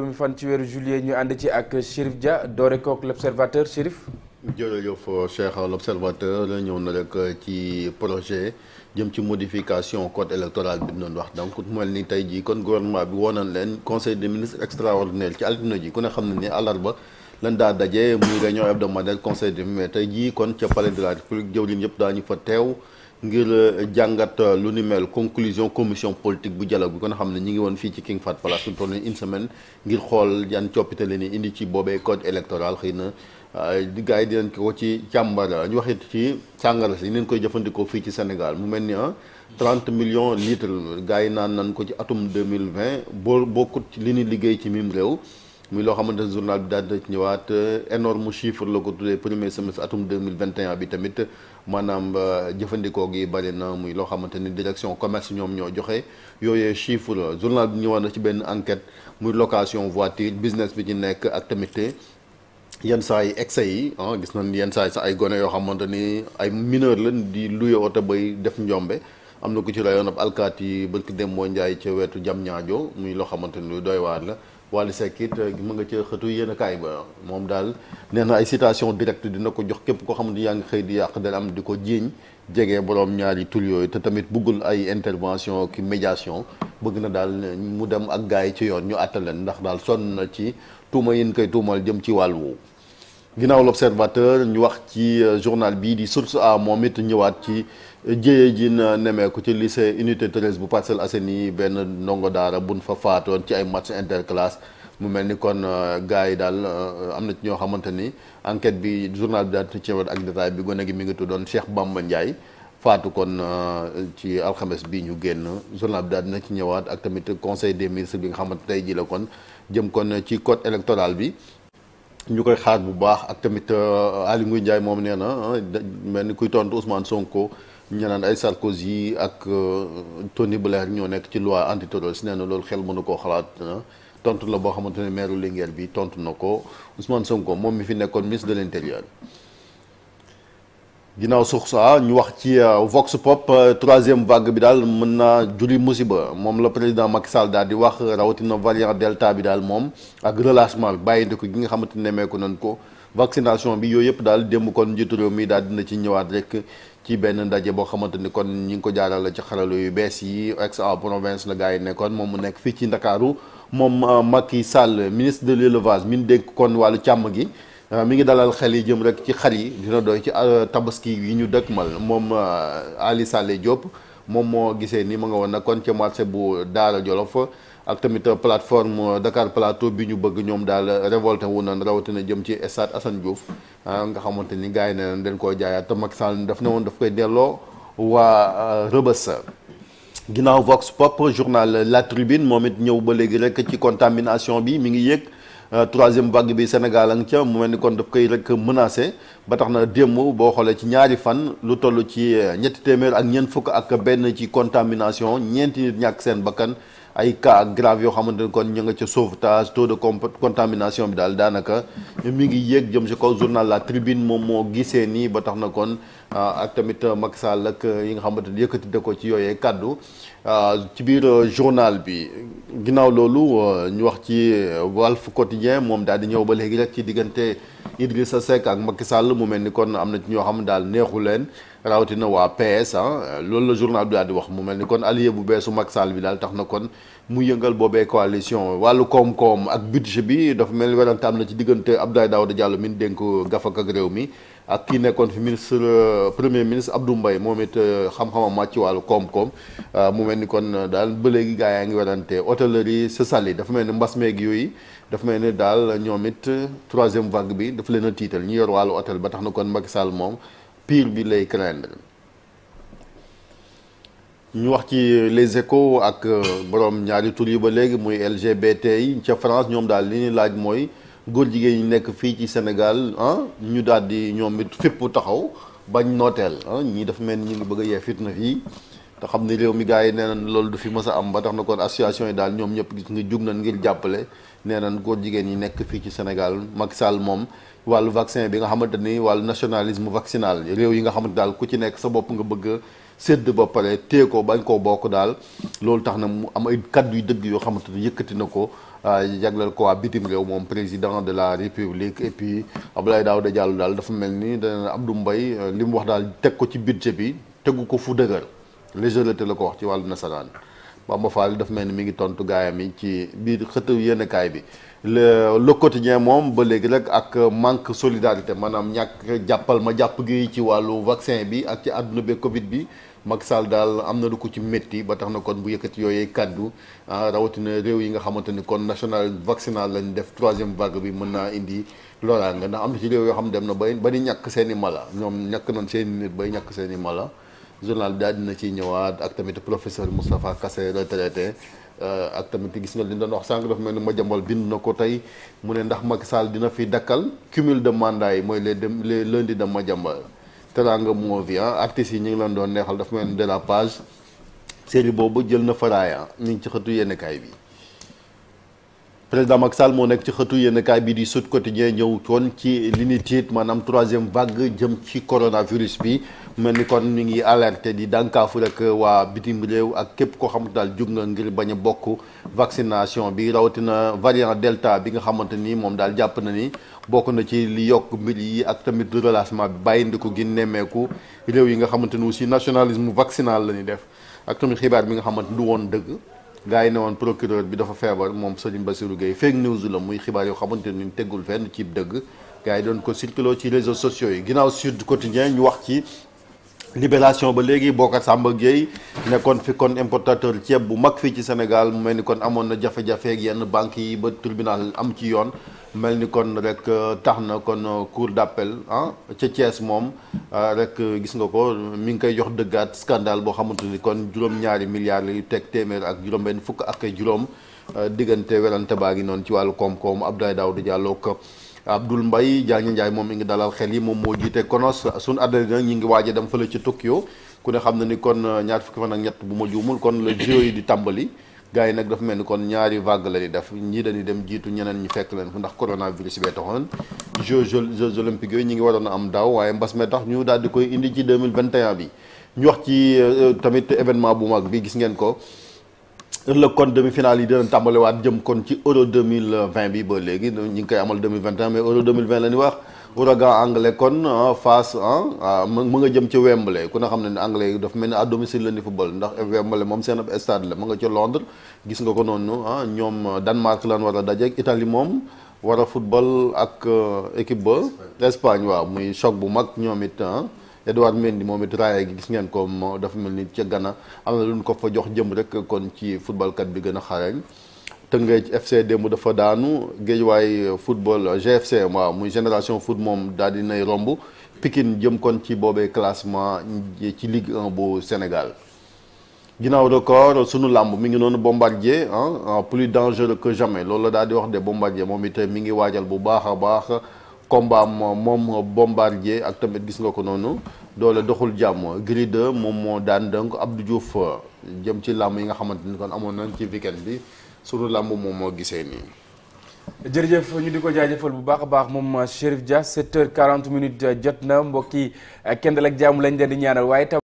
juróomi fan ci weeru juillet ñu ànd ci ak Chérif Dia doore kook l'observateur Chérif jërëjëf Cheikh l'observateur ñëw na rek ci projet jëm ci modification code électoral bi doon wax donc mel ni tey jii kon gouvernement bi woonan leen conseil des ministres extraordinaire ci altine ji ku ne xam ne ni àllarba lan daa daje muy réunion hebdomadaire conseil des ministres tey jii kon ca palais de la république jëwriñ yëpp daañu fa teew ngir eh, jàngat eh, lu ni mel conclusion commission politique bu dialogue bi kon xam ne ñi ngi woon fii ci King Fahd Palace suñu toll une semaine ngir xool yan coppite la ñuy indi ci boobee code électoral xëy na eh, gars yi dinañ ko ci càmbara ñu waxit ci sàngara si ñu koy jëfandikoo fii ci Sénégal mu mel ni ah trente million litres gars yi naan nan ko ci atum 2020 boo bokkut li ñu liggéey ci miim réew muy loo xamante ne journal bi daan na ci ñëwaat énorme chiffre la ko tuddee premier semestre atum 2021 bi tamit maanaam euh, jëfandikoo gi bari na muy loo xamante ni direction commerce ñoom ñoo joxe yooyee chiffre journal bi na ci benn enquête muy location voiture business bi ci nekk ak tamit yenn saa yi excès yi ah gis na yenn saa yi sax ay gone yoo xamante ni ay mineur la di luye oto bay def njombe am na ku ci rayoon ab alkaati yi dem moo njaay ca wetu jam ñaajo muy loo xamante ni lu doy waar la Wally Seck it euh, mu nga ca xëtu yéen a kaay ba moom daal nee na ay citation directe dina ko jox képp koo xam ne yaa ngi xëy di yàq dana am di ko jiiñ jege boroom ñaari tur yooyu te tamit bëggul ay intervention ki médiation bëgg na daal mu dem ak gars yi ci yoon ñu àttaleen ndax daal sonn na ci tuuma yéen koy tuumal jëm ci wàll woowu ginnaaw l'observateur ñu wax ci euh, journal bii di source a moom it ñëwaat ci euh, jéye ji na nemeeku ci lycée unité 13 bu Parcelles nii benn ndongo daara bun fa faatoon ci ay match interclasse mu mel ni kon euh, gars yi daal am na ci ñoo xamante ni enquête bi journal bi daal di ci ñëwaat ak détail bi gone gi mi ngi tuddoon Cheikh Bamba Ndiaye faatu kon ci alxames bi ñu génn journal bi daal dina ci ñëwaat ak tamit conseil des ministres bi nga xamante tey ji la kon jëm kon ci code électoral bi ñu koy xaar bu baax ak tamit euh, Aly Ngouille Ndiaye moom nee na ah, mel ni kuy tontu Ousmane Sonko ñu naan ay Sarkozy ak euh, Tony Blair ñoo nekk ci loi antiterroriste nee na loolu xel mënu koo xalaat ah. tontu la boo xamante ne maire Linguère bi tontu na ko Ousmane Sonko moom mi fi nekkoon ministre de l'intérieur ginnaaw source a ñu wax ci euh, vox pop euh, troisième vague bi daal mën naa juri musiba moom la président Macky Sall daal di wax rawatina variant delta bi daal moom ak relâchement bi bàyyinte ko gi nga xamante ne nemmeeku nañ ko vaccination bi yooyu yëpp daal démb kon njiitu réew mi daal dina ci ñëwaat rek ci benn ndaje boo xamante ni kon ñu ngi ko jaarale ci xarala yu bees yi ex en province la gars yi nekkoon moom mu nekk fii ci Ndakaaru moom euh, Macky Sall ministre de l'élevage min dénk kon wàllu càmm gi Euh, mi ngi dalal xel yi jëm rek ci xar yi dina doy ci euh, tabaski yi ñu dëkkmal moom euh, Ali Sallé Diop moom moo gisee nii mu nga woon nag kon ca marché bu Daara Jolof ak tamit plateforme Dakar Plateau bi ñu bëgg ñoom daal révolté wu nan rawatina jëm ci stade Assane Diouf nga xamante ni gars yi ne leen dañ koo jaayaat te Macky Sall daf ne woon daf koy delloo waa Rëbës. ginnaaw Vox Pop journal La moom it ñëw ba léegi rek ci contamination bi mi ngi yëg. Euh, troisième vague bi Sénégal a ca mel ni kon daf koy rek menacé ba tax na démb boo xoolee ci ñaari fan lu toll ci euh, ñetti téeméer ak ñeent fukk ak benn ci contamination ñeenti nit seen bakkan ay cas grave yoo xamante ne kon ñu nga ca sauvetage taux de contamination bi daal daanaka mi ngi yéeg jëm si ko journal La Tribune moom moo gisee nii ba tax na kon ah, ak tamit Macky Sall ak yi nga xamante ne yëkkati da ko ci yooyee kàddu ah, ci biir journal bi ginnaaw loolu ah, ñu wax ci Walf Quotidien moom daal di ñëw ba léegi rek ci diggante sa Seck ak Macky Sall mu mel ni kon am na ci ñoo xam daal neexu leen rawatina waa PS ah loolu la journal bi daal di wax mu mel ni kon allié bu beesu mag Sall bi daal tax na kon mu yëngal boobee coalition wàllu koom-koom ak budget bi dafa mel ni werante am na ci diggante Abdoulaye Daouda Diallo min dénk gafak ak mi ak kii nekkoon fi ministre euh, premier ministre Abdou Mbaye moom it euh, xam-xamam màcc wàllu koom-koom euh, mu mel ni kon daal ba léegi gaa yaa ngi werante hôtellerie se sali dafa mel ni mbas meeg yooyu dafa mel ni daal ñoom it troisième vague bi dafa leen a tiital ñu yor wàllu hôtel ba tax na kon mag Sall moom piir bi lay craindre ñu wax ci les échos ak euh, borom ñaari tur ba léegi muy LGBT yi ca France ñoom daal li ñuy laaj mooy góor jigéen ñi nekk fii ci senegal ah, ñu daal di ñoom it taxaw bañ nooteel ñi ah, ñii dafa mel ñi ñu bëgg yee fitna fii. te xam ni réew mi gars yi nee nañ loolu du fi mës am ba tax na kon association yi daal ñoom ñëpp gis nga jug nañ ngir jàppale nee nañ góor jigéen ñi nekk fii ci Sénégal Macky Sall moom wàllu vaccin bi nga xamante ni wàllu nationalisme vaccinal réew yi nga xamante daal ku ci nekk sa bopp nga bëgg a sédd ba pare téye ko bañ koo bokk daal loolu tax na mu am ay kaddu yu dëgg yoo xamante ni yëkkati na ko ah, jagleel ko waa bitim réew moom président de la république et puis Abdoulaye Daouda Diallo daal dafa mel ni dana Abdou Mbaye eh, li mu wax teg ko ci budget bi tegu ko fu dëgër légèreté la ko wax ci wàllu nasaraan ma Fall daf mel ni mi ngi tontu gaayam yi ci biir xëtaw yenn kaay bi le le quotidien moom ba léegi rek ak manque solidarité maanaam ñàkk jàppal ma jàpp gi ci wàllu vaccin bi ak ci àdduna bi Covid bi mag Sall daal am na lu ko ci métti ba tax na kon bu yëkkati yooyee kàddu ah, rawatina réew yi nga xamante ni kon national vaccinal lañ def troisième vague bi mën naa indi loraa nga ndax am na ci réew yoo xam dem na ba di ñàkk seen i mala ñoom ñàkk nañ seen i nit ñàkk seen mala journal bi daal dina ciy ñëwaat ak tamit professeur Moustapha Kassé retraité euh, ak tamit gis nga li doon wax sànq dafa mel ni ma jambal bind na ko tey mu ne ndax mag Sall dina fi dakkal cumul de mandat yi mooy les dem les lundi de ma jambal teranga moo vi ah, artistes yi ñu ngi leen doon neexal dafa mel ni dérapage série boobu jël na faraaya ñu ngi ci xëtu yenn kaay bi président Macky Sall moo nekk ci xëtu yenn kaay bi di Sud Quotidien ñëw coon ci li ni tiit maanaam troisième vague jëm ci coronavirus bi mel ni kon ñu ngi alerté di dànkaafu rek waa bitim réew ak képp koo xamante daal jug nga ngir bañ a bokk vaccination bi rawatina variant delta bi nga xamante ni moom daal jàpp na ni bokk na ci li yokk mbir yi ak tamit relâchement bi bàyyindiku gi nemmeeku réew yi nga xamante ni aussi nationalisme vaccinal la ñuy def ak tamit xibaar bi nga xamante du woon dëgg gars yi ne woon procureur bi dafa feebar moom Serigne Bassirou Gueye fake news la muy xibaar yoo xamante ni teggul fenn ci dëgg gars yi doon ko circulé ci réseaux sociaux yi ginnaaw Sud Quotidien ñu wax ci libération ba léegi Bocar Samba Gueye nekkoon fi kon importateur ceeb bu mag fii ci Sénégal mel ni kon amoon na jafe-jafe yenn banques yi ba tribunal am ci yoon mel ni kon rek euh, tax na kon euh, cour d'appel ah ca Thiès moom euh, rek gis nga ko mi ngi koy jox dëggaat scandale boo xamante ni kon juróom-ñaari milliards yu teg téeméer ak juróom-benn fukk ak juróom. Euh, diggante werante baa ngi noonu ci wàllu koom-koom Abdoulaye Daouda Diallo ak euh, Abdoul Mbaye Diagne Ndiaye moom mi ngi dalal xel yi moom moo jiite konos suñu àddina nag ñi ngi waaj a dem fële ci Tokyo ku ne xam na ni kon euh, ñaar fukki fan ñett bu ma juumul kon le JO yi di tàmbali gaa yi nag dafa mel ni kon ñaari vague la ñuy def ñii dañuy dem jiitu ñeneen ñi fekk leen fu ndax coronavirus bee taxoon jeux jeux olympiques yooyu ñi ngi waroon a am daaw waaye mbas mee tax ñu daal di koy indi ci 2021 bi ñu wax ci tamit événement bu mag bi gis ngeen ko ëllëg kon demi-finale yi dinañ tàmbaliwaat jëm kon ci euro 2020 bi ba léegi ñu ngi koy amal 2021 mais euro 2020 la ñuy wax ouragan anglais kon ah, face ah, ah mu nga jëm ci Wembley ku ne xam ne ne anglais yi dafa mel ni à domicile la ni football ndax Wembley moom seen ab stade la mu nga ca Londres gis nga ko noonu ah ñoom ah, Danemark lan war a dajeek Italie moom war a football ak équipe ba Espagne waaw muy choc bu mag ñoom it Edouard Mendy moom it raaya gis ngeen ko dafa mel ni ca Ghana am na lu ñu ko fa jox jëm rek kon ci footballkat bi gën a xarañ Tëngéej FC démb dafa daanu Géejuwaay football GFC waaw muy génération foot moom daal di nay romb pikin jëm kon ci boobee classement ci lig bu Sénégal. ginnaaw record sunu làmb mu ngi noonu bombardier ah plus dangereux que jamais loolu la daal di wax de bombardier moom it mi ngi waajal bu baax a baax. combat moom bombardier ak tamit gis nga ko noonu doole doxul jàmm Gris 2 moom moo daan donc Abdou Diouf euh, jëm ci làmb yi nga xamante ni kon amoon nañ ci weekend bi su sunu làmb moom moo gisee nii. jërëjëf ñu di ko jaajëfal bu baax a baax moom euh, Chérif Dia 7h40 minutes euh, jot na mbokk yi kenn dal ak jàmm lañ leen di waaye